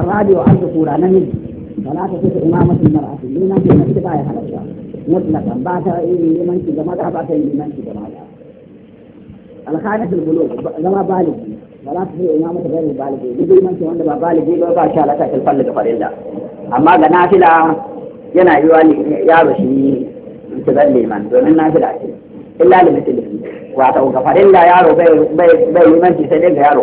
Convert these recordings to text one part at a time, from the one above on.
الرابع أن تقول نمل فلا تصح إمامة المرأة لنا في المسجد آية حلقة مطلقا بعد لمن إيه في جماعة بعد لمن إيه في جماعة الخامس البلوغ لما بالغ فلا تصح إمامة غير البالغ يجي من في وندبا بالغ وبا شالك في الفل فريلا أما نافلة yana yiwa yaro shi ta zalle man domin nafila ce illa limitin wato ga farilla بي بي بي bai limanci sai dai ga yaro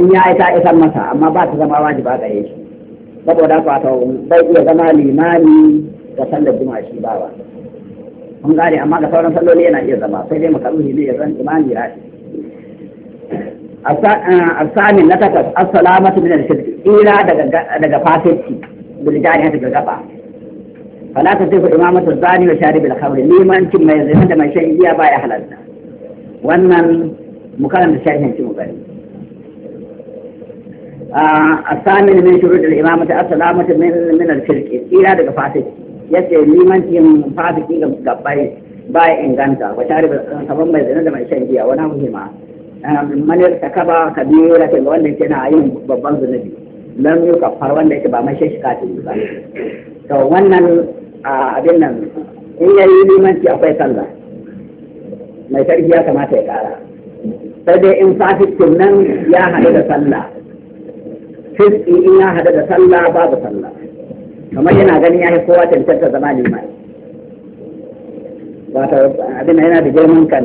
in ya ita isan masa amma ba ta zama wajiba gare shi saboda haka to bai iya zama limani da sallar juma'a shi bawa kun gane amma ga sauran salloli yana iya zama sai dai makaruhi ne ya zan imani ya shi الثامن نتكس السلامة من الشرك إلى دقا فاسدتي بالجاري هذه القفا فلا تصف إمامة الزاني وشارب الخمر لي ما أنت ما يزيد ما شيء يا باي أحلالنا وأن مكان الشارح أنت مغني الثامن من شروط الإمامة السلامة من من الشرك إلى دك فاسد يسي لمن تيم فاسق تيم باي باي إنغانتا وشارب سبب ما يزنى دم الشنجية ونامهما من يرتكب كبيرة وأن كان عين ببان ذنبي لم يكفر وأن يتبع ما شيش كاتب to wannan abin nan in yayi limanci akwai sallah mai sarki ya kamata ya kara sai dai in fasikun nan ya haɗu fiski in ya hada da sallah babu sallah kamar yana ganin ya yi kowa cancanta zama limai wato abin yana da girman kan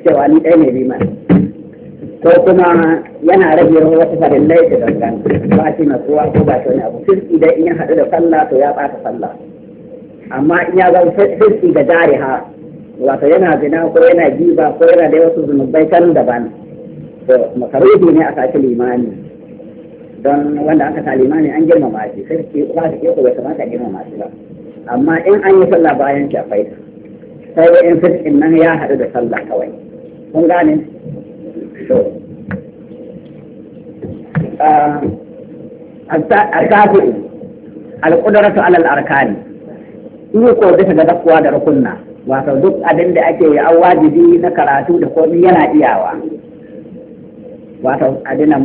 cewa ni ɗaya ne limai ko kuma yana rage wasu farillai da gangan ba shi na kowa ko ba shi wani abu fiski dai in ya hadu da sallah to ya ɓata sallah amma in ya zama fiski ga jariha wato yana zina ko yana giba ko yana da wasu zunubai kan daban to makaruhi ne a sashi limani don wanda aka sa ne an girmama shi sai ke ba su ke bai kamata girmama shi ba amma in an yi sallah bayan shi sai wa in fitkin nan ya haɗu da sallah kawai kun gane to al-kafi ah, al-qudratu alal arkani arkan ko bisa ga dakkuwa da rukunna wato duk abin da ake yi an wajibi na karatu da komi yana iyawa wato adina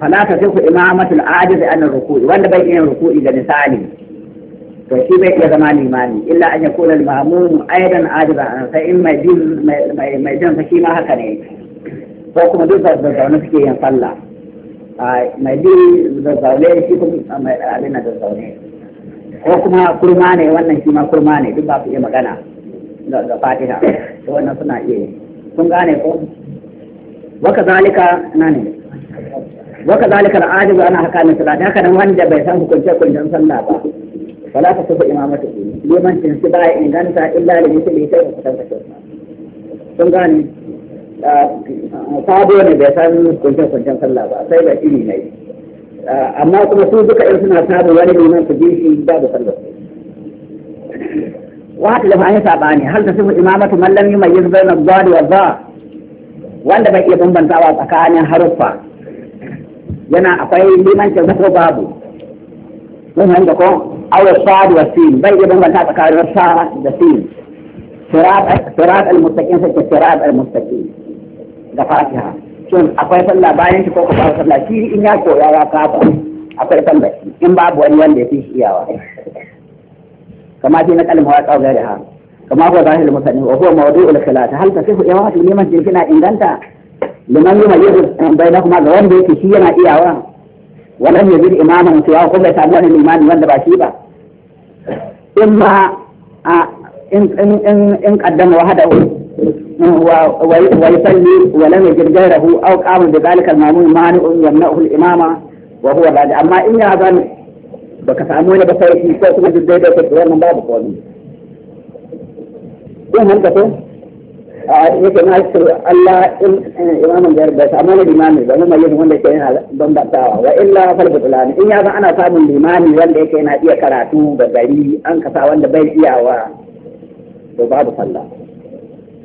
falata sai ku imamatul ajiz an ruku'i wanda bai iya ruku'i ga misali to shi bai iya zama limami illa an yakuna al-ma'mum aidan ajiza an sai in mai din mai mai din shi ma haka ne ko kuma duk da zaune suke yin sallah mai din da zaune shi kuma mai alina da zaune ko kuma kurma ne wannan shi ma kurma ne duk ba su iya magana da fatiha to wannan suna iya kun gane ko وكذلك نعم وكذلك العاجز أنا حكى من صلاة هكذا وان ده بيسان كنت كنت صلى با فلا تصف إمامته لمن تنسبع إن كانت إلا لمثله شيء فتنسى sun gane sabo ne bai san kuncin kuncin sallah ba sai da iri ne amma kuma su duka in suna sabo wani neman su bi shi babu sallah wata da fa'in sabani hal ta sifu imamatu man lam yumayyiz bayna ad-dad wa ad wanda bai iya bambantawa tsakanin haruffa yana akwai limancin ko babu mun hanga ko awar sa'ad wa sin bai iya bambanta tsakanin sa da sin sirat al-mustaqim sai sirat al-mustaqim da fatiha shin akwai sallah bayan shi ko ko babu sallah shi in ya koya ya kafa akwai sallah in babu wani wanda ya fi shiyawa iyawa kama shi na kalmar wa tsawon gari ha وما هو ظاهر المصنف وهو موضوع الخلاف هل تصح إيوات لمن جلسنا إن أنت لمن يميز بينهما غير بيت شيئا إياوا ولم يجد إماما سواء قبل سابعين الإيمان من دباشيبا إما آه، إن إن إن قدم وحده ويصلي ولم يجد غيره أو قام بذلك المامون مانع يمنعه الإمامة وهو بعد أما إن هذا بكفامون بصيحي صوت من باب قولي zan ko a yake na ce Allah in eh, imamin da bai samu wani limami ba mu mai wanda ke yana bambatawa wa illa falbu lana in ya san ana samun limami wanda yake yana iya karatu da gari an kasa wanda bai iyawa to babu sallah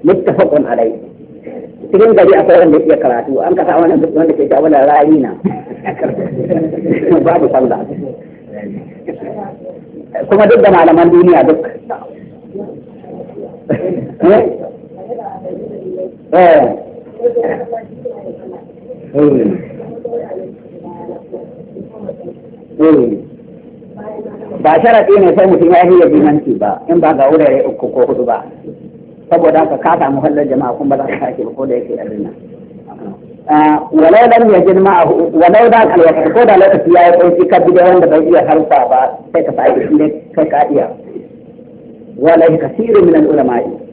muttafaqun alai cikin gari a akwai wanda iya karatu an kasa wanda wanda ke jawo da rayi na babu sallah kuma duk da malaman duniya duk Eh? Eh. Hmm. Hmm. ba sharaɗi ne sai mutum ya hiyar limanci ba in ba ga wurare uku ko hudu ba saboda ka kasa muhallar jama'a kuma za ka sake ko da yake arina ah, walau ya yajid ma'ahu walau da alwaqt ko da lokaci ya yi kauci ka bi da wanda bai iya harfa ba sai ka shi ne kai ka iya wala kasirin min al ulama'i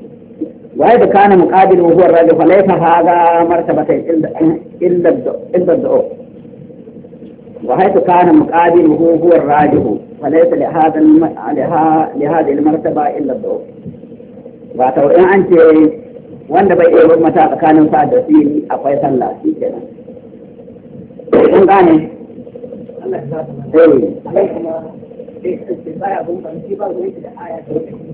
وإذا كان مقابل وهو الرجل فليس هذا مرتبتين إلا إلا الضعف وحيث كان مقابل وهو هو الراجح فليس لهذا الم... لها... لهذه المرتبة إلا الضعف واتو إن أنت wanda bai iya mata tsakanin sa da fili akwai sallah shi kenan kun gane Allah ya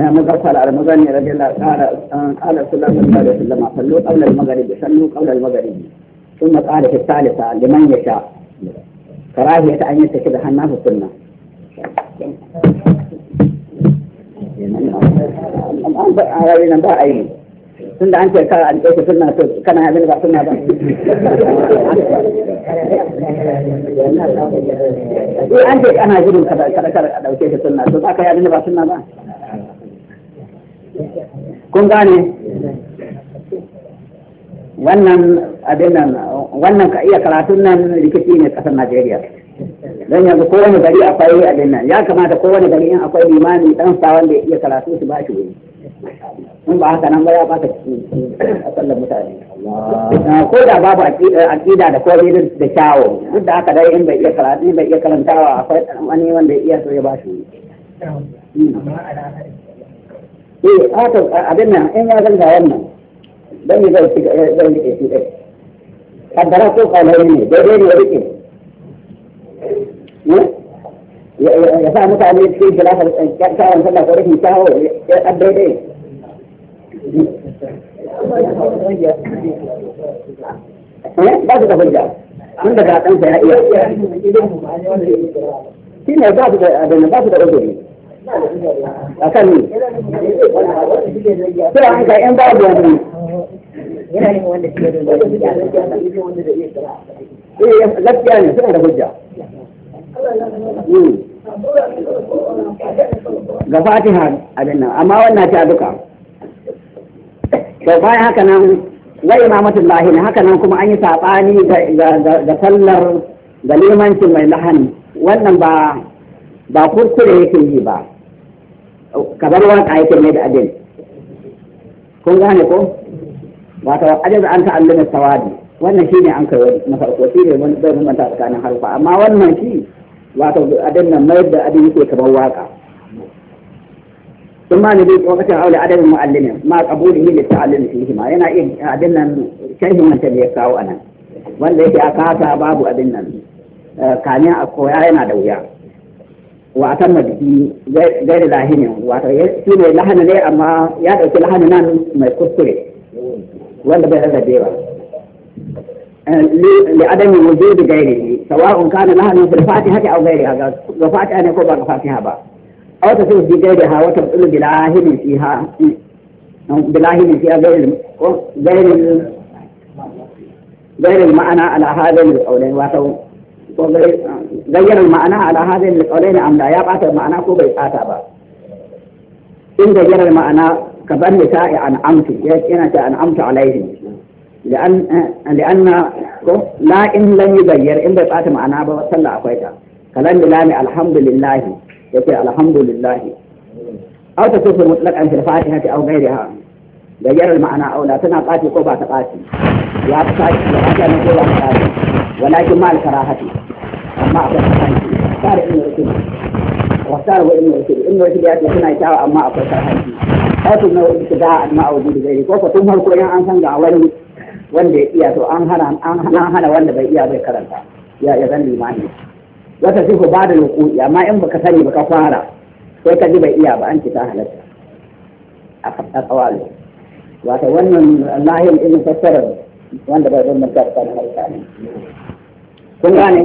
مقال قال على المغني رضي الله قال قال صلى الله عليه وسلم صلوا قبل المغرب صلوا قبل المغرب ثم قال في الثالثة لمن يشاء كراهية أن يتخذ الناس السنة الآن أراضينا بقى أي tun da an ce kara an ɗauke suna to kana yamin ba suna ba an ce ana gudun kada kada kada a ɗauke kun gane wannan abin nan wannan ka iya karatun nan rikici ne kasar Najeriya don yanzu kowane gari akwai abin nan ya kamata kowane gari in akwai limani dan sa wanda ya iya karatu su ba shi wuri in ba haka nan ba ya baka a sallar mutane ah, ko da babu aƙida da kore da kyawo duk da haka dai in bai iya karatu bai iya karantawa akwai wani wanda ya iya so ya ba shi wuri eh haka abin nan in ya zanga wannan dan ne zai zai rike shi dai kaddara ko kalai ne daidai ne rike ya sa mutane cikin khilafar kyawun sallah ko rikin kyawo ya ɗan daidai ba su da hujja tun daga ɗansa ya iya shi ne ba su da abin ba su da uzuri a kan ne kira an ka yan babu wani eh, yana yin wanda ke da gaskiya ne suna da hujja hmm. ga fatiha a nan amma wannan ta duka to bayan haka nan wa imamatullahi ne haka nan kuma an yi saɓani ga sallar ga limancin mai lahani wannan ba ba kurkure yake yi ba kamar waka yake ne da adil kun gane ko wato adil an ta'allama tawadi wannan shine an kai wani na farko shi ne bai bambanta tsakanin harfa amma wannan shi wato adil nan mai da adil yake kamar waka ثم نبي وقت أولى عدد المعلمين ما قبوله للتعلم nan أنا wancan da ya kawo a nan wanda yake a kasa babu abin nan eh, kamin a koya yana da wuya watan na jiki zai da lahinin wata shi ne lahana ne amma ya ɗauki lahana nan mai kuskure wanda bai rarrabe ba لعدم وجود غيره سواء كان لهنا في الفاتحة أو غيرها الفاتحة أن يكون بعد الفاتحة با أو تصير بغيرها وتبطل بلاهن فيها بلاهن فيها غير غير غير المعنى على هذين القولين وتو بين المعنى على هذه القولين أم لا يبعث المعنى كو بيقاتا با إن غير المعنى كبن نساء أنعمت عن أنعمت عليهم لأن لأن لا إن لم يغير إن بيقاتا معنى بوصل أخويتا كلام لامي الحمد لله يكي الحمد لله أو تصف مطلقا في الفاتحة أو غيرها غير المعنى أو لا تناقاتي قوبة تقاتي يا أبساك ولكن ما الكراهة amma akwai kare ibn rushd واختار ابن عتيبة ابن عتيبة يأتي هنا يتعوى أما أقول سرحانتي أوتو ابن ابتداء أما وجود غيره وقف تمهر كو يان أنسان دعواني وان دي إياتو أنهنا أنهنا وان دي إياتو كرنتا يا يذن لي معني وتصيف بعد الوقوع يا ما إن بكثني بكفارة ويكا دي بي إياتو أنت تاهلت أقواله وأتوانا الله إن فسر وان دي بي ضمن كرتا كن غاني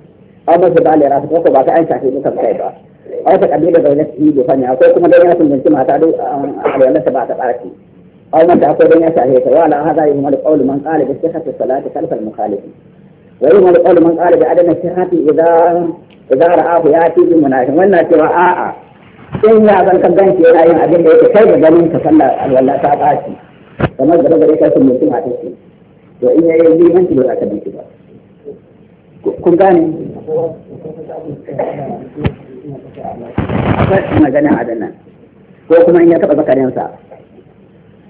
aw masa ba le rasu ko ba ka an shafe duka kai ba aw ta kabila da wani yi da fanya ko kuma dan ya tunanci mata da alwalar ta ba ta barki aw masa ko dan ya shafe ta wala hada yi mal qawl man qala bi sihhati salati khalf al mukhalif wa yi mal qawl man qala bi adam sihhati idza idza ra'ahu yati bi munafiq wannan cewa a'a in ya zan ka ganci yana yin abin da yake kai da ganin ka sallar alwala ta barki kamar da gare ka sun mutum a take to in yayi limanci ba za ka bi ba kun gane akwai magana a dana ko kuma in ya taɓa zakarinsa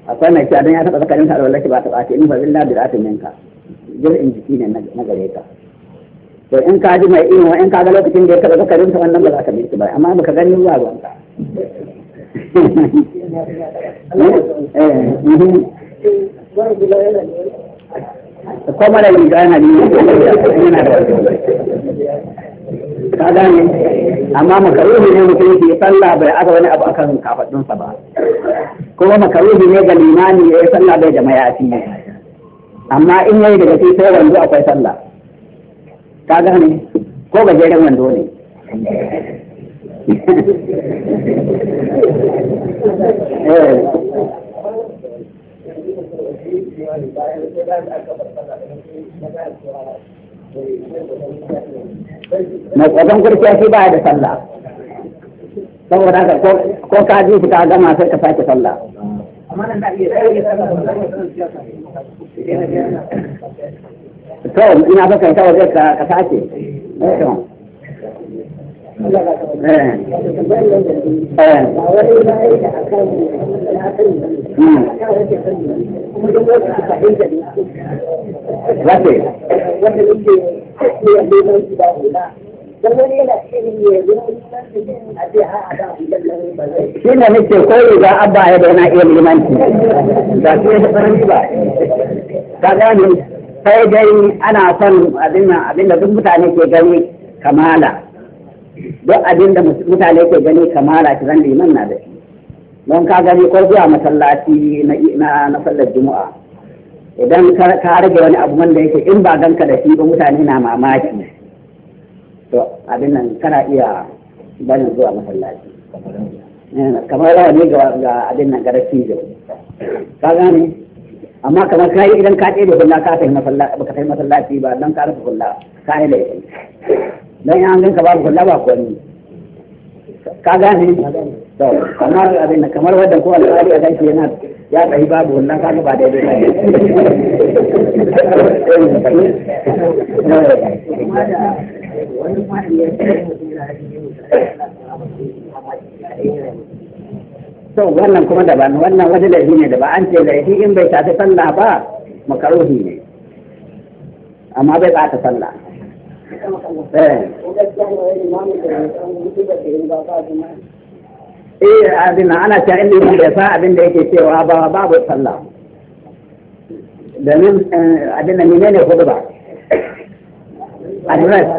akwai mai cewa don ya taɓa zakarinsa a wallahi ba ta ɓace in fazin labi da minka jirgin jiki ne na gare ka to in ka ji mai irin in ka ga lokacin da ya taɓa zakarinsa wannan ba za ka miki ba amma ka gani ba ba eh, eh, eh. ko mara yi gana ne yana da ka gane amma makaruhi ne mutum yake sallah bai aka wani abu akan kafaɗinsa ba kuma makaruhi ne ga limani ya yi sallah bai da mayafi amma in yayi daga cikin sai wando akwai sallah ka gane ko gajeren wando ne eh. Thank you. mai tsakan kurciya shi ba da sallah saboda haka ko ka ji shi ka gama sai ka sake sallah to ina so kai kawai ka sake eh, eh. Eh. Hmm. Wace? shi ne nake ko riga abba ya daina iya limanci ba su yi faranci ba ka gani sai dai ana son abinda duk mutane ke gani kamala duk abinda mutane ke gani kamala ki zan liman na da shi don ka gani ko zuwa masallaci na sallar juma'a idan ka rage wani abu wanda yake in ba ganka da shi ba mutane na mamaki to abin nan kana iya barin zuwa masallaci eh, kamar rawa ne ga abin nan ga jau ka gane amma kamar ka yi idan ka ɗaya da hulla ka yi masallaci ba don ka rufe hulla ka yi laifin don yan ganka babu kulla ba kwani ka gane to amma abin da kamar wadda ko alƙali a gashi yana ya tsayi babu wannan kaga ba daidai to wannan kuma daban wannan wani laifi ne da ba an ce laifi in bai tafi sallah ba makaruhi ne amma bai ba ta sallah eh abin ana ta inda da fa abin da yake cewa ba babu sallah domin abin da menene hudu ba address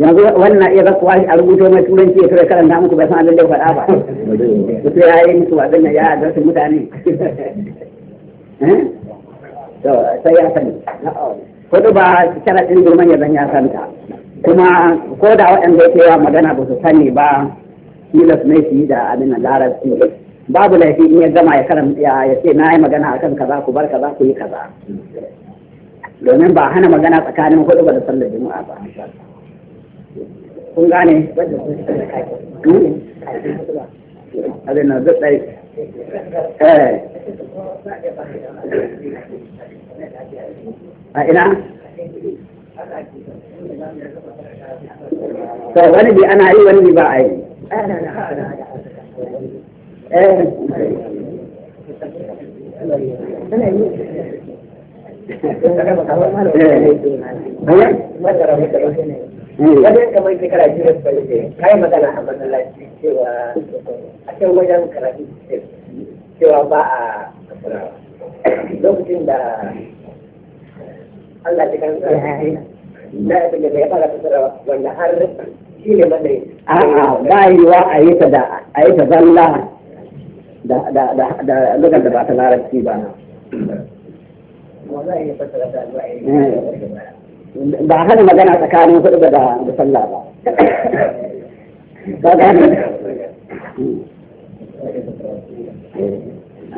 yanzu wannan iya zakuwa a rubuto mai turanci ya tura karanta muku bai san abin da faɗa ba mutu ya yi musu abin da ya adresin mutane sai ya sani kudu ba sharaɗin girman ya zan ya santa kuma ko da waɗanda yake yawa magana ba su sani ba tilas mai su da abin larabci babu laifi in ya gama ya karam ya ce na yi magana a kan kaza ku bar kaza ku yi kaza domin ba hana magana tsakanin hudu ba da sallar juma'a ba kun gane hmm? abin na ايه آه، اي نعم طيب انا دي انا ايوه اللي بقى ايه ايه ايه cewa a can wajen karatu cewa ba a lokacin da Allah ta kan na abin da ya fara fitarwa wanda har shi ne madai a'a ba yiwa a yi ta da a yi ta zalla da da da da lugar da ba ta larabci ba eh. ba hana magana tsakanin hudu da da sallah ba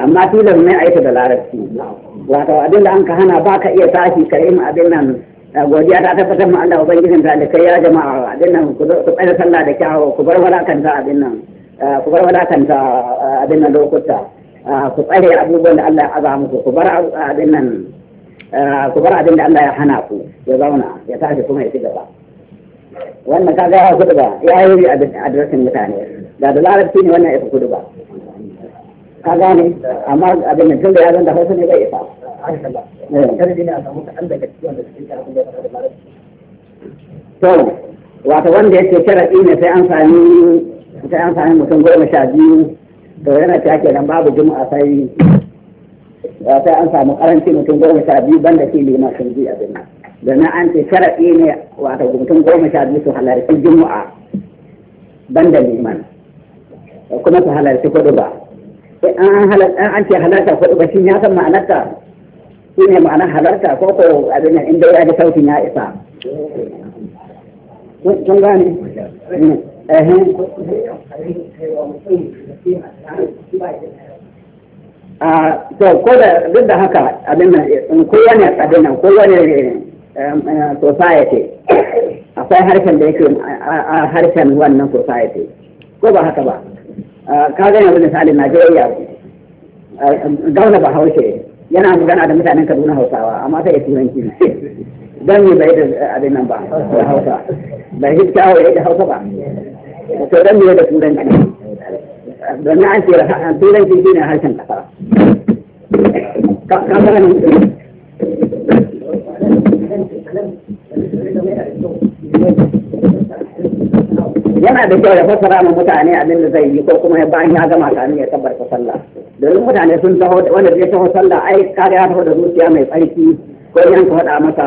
amma tilas ne a yi da larabci wato abinda an ka hana ba ka iya tashi ka yi abin nan godiya ta tabbatar ma Allah ubangijin ta da kai ya jama'a abin nan ku tsaya sallah da kyawu ku bar walakanta abin nan ku bar walakanta abin nan lokuta ku tsare abubuwan da Allah ya aza muku ku bar abin nan ku bar abin da Allah ya hana ku ya zauna ya tashi kuma ya ci gaba wannan kaga ya kudu ba ya yi a adireshin mutane da da larabci ne wannan isa kudu ba ka gane amma abin da tun da ya zan da hausa ne bai isa eh. to wato wanda ce sharaɗi ne sai an sami sai an sami mutum goma sha biyu to yana ta nan babu juma'a sai sai an samu karanci mutum goma sha biyu banda shi masu sun ji abin nan domin an ce sharaɗi ne wata mutum goma sha biyu su halarci juma'a ban da liman kuma su halarci kuɗu ba an ce halarta kuɗu ba shi ya san ma'anarta shi ne ma'anar halarta ko ko abin nan inda ya ji sautin ya isa kun gane to ko da duk da haka abin nan kowane abin nan kowane Um, uh, society akwai harshen da yake harshen wannan society ko ba haka ba uh, ka gani yanzu misalin najeriya uh, gauna ba haushe yana magana da mutanen kaduna hausawa amma sai ya turanci don yi bai da abin nan ba da hausa ba hitta ta ya da hausa ba to don yi da turanci domin an ce turanci shine harshen kasa ka gani yana da kyau ya fassara ma mutane abin da zai yi ko kuma ya bayan ya gama kamin ya tabbata sallah domin mutane sun taho wanda zai taho sallah ai kare ya taho da zuciya mai tsarki ko ni an ka faɗa masa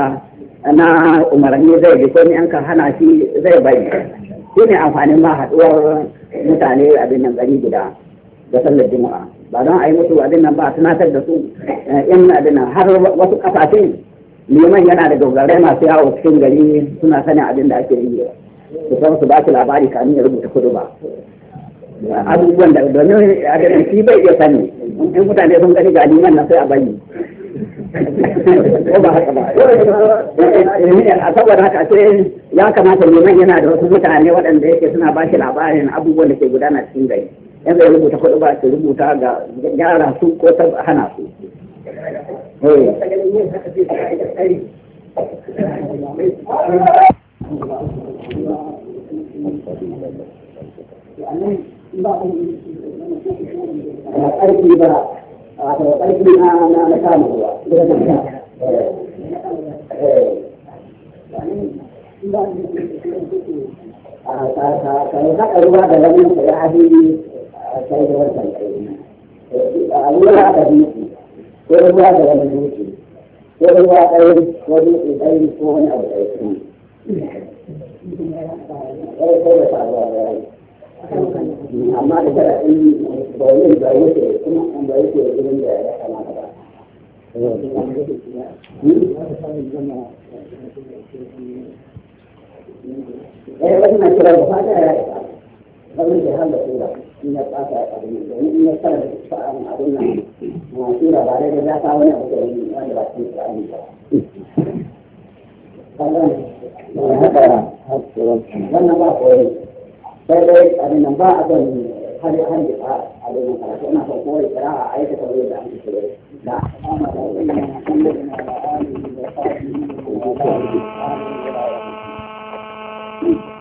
na umarni zai bi ko ni an ka hana shi zai bari shi ne amfanin ma haɗuwar mutane abin nan gari guda da sallar juma'a ba don a yi musu abin nan ba tunatar da su eh, in abin nan har wasu ƙasashe neman yana da dogarai masu yawo cikin gari suna sanin abin da ake yi su san su ba shi labari kamin ya rubuta kudu ba abubuwan da domin a ga shi bai iya sani in mutane sun gani ga liman nan sai a bayi ko ba haka ba a saboda haka sai ya kamata liman yana da wasu mutane waɗanda yake suna ba shi labarin abubuwan da ke gudana cikin gari yanzu ya rubuta kudu ba su rubuta ga gyara su ko ta hana su Hey. Eh. أرجي بقى أرجي ما مكانه هو فيحقق هذا الذي سيعدي سيد الوطن أول هذا بيتي وهو هذا الذي بيتي وهو غير وبيتي غير وهو أو غير amma da tara in ba wani ba yake kuma an ba yake irin da ya kamata ba eh wasu na kira ba ta ya ba wani da hal da tura in ya tsaka abu ne domin in ya tsara da sa'an abin nan ma tura ba da ya ta wani abu da wani wanda ba su yi ba هذا هذا فليس أن بعض هل هل علينا قراءة ما هو قراءة